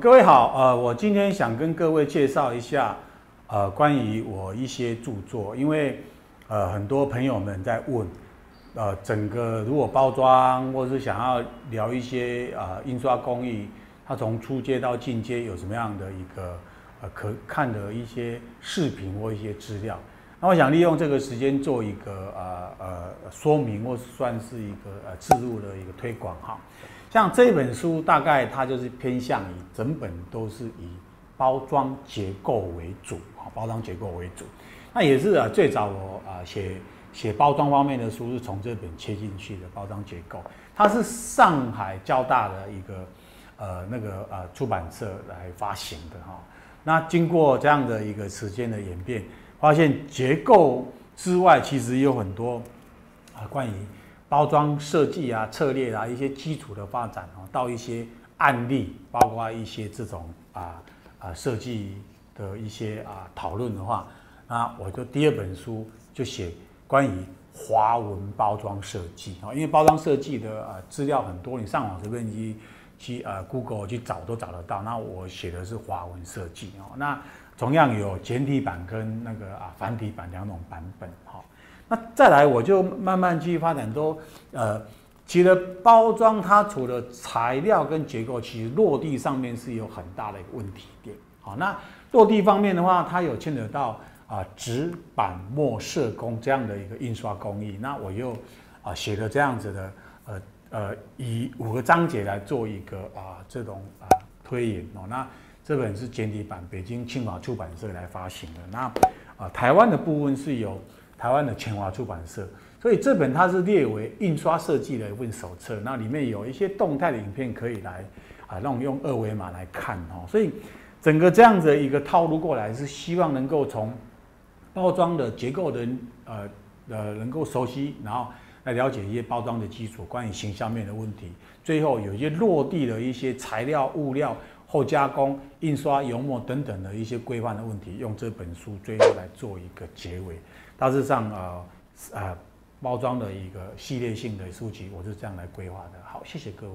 各位好，呃，我今天想跟各位介紹一下，呃，關於我一些著作，因為，呃，很多朋友們在問，呃，整個如果包裝或是想要聊一些啊、呃，印刷工藝，它從初階到進階有什麼樣的一個呃可看的一些視頻或一些資料，那我想利用這個時間做一個啊呃，呃說明，或是算是一個呃制度的一個推廣哈。像這本書，大概它就是偏向以整本都是以包裝結構為主啊，包裝結構為主。那也是啊，最早我啊寫寫包裝方面的書是從這本切進去的，包裝結構。它是上海交大的一個呃那個呃出版社來發行的哈。那經過這樣的一個時間的演變，發現結構之外其實也有很多啊關於。包裝設計啊，策略啊，一些基礎的發展啊，到一些案例，包括一些這種啊啊設計的一些啊討論的話，那我就第二本書就寫關於華文包裝設計啊，因為包裝設計的啊資料很多，你上網隨便一。去呃，Google 去找都找得到。那我寫的是華文設計哦。那同樣有簡體版跟那個啊繁體版兩種版本哈。那再來我就慢慢繼續發展都呃，其實包裝它除了材料跟結構，其實落地上面是有很大的一個問題點。好，那落地方面的話，它有牽扯到啊紙版墨色工這樣的一個印刷工藝。那我又啊寫了這樣子的呃。呃，以五個章節來做一個啊、呃，這種啊、呃、推演哦。那這本是簡體版，北京清華出版社來發行的。那啊、呃，台灣的部分是由台灣的全華出版社。所以這本它是列為印刷設計的一份手冊。那裡面有一些動態的影片可以來啊，讓我們用二維碼來看哦。所以整個這樣子一個套路過來，是希望能夠從包裝的結構的呃呃能夠熟悉，然後。來了解一些包裝的基礎，關於形象面的問題，最後有一些落地的一些材料、物料、後加工、印刷、油墨等等的一些規範的問題，用這本書最後來做一個結尾。大致上，呃，呃，包裝的一個系列性的書籍，我是這樣來規劃的。好，謝謝各位。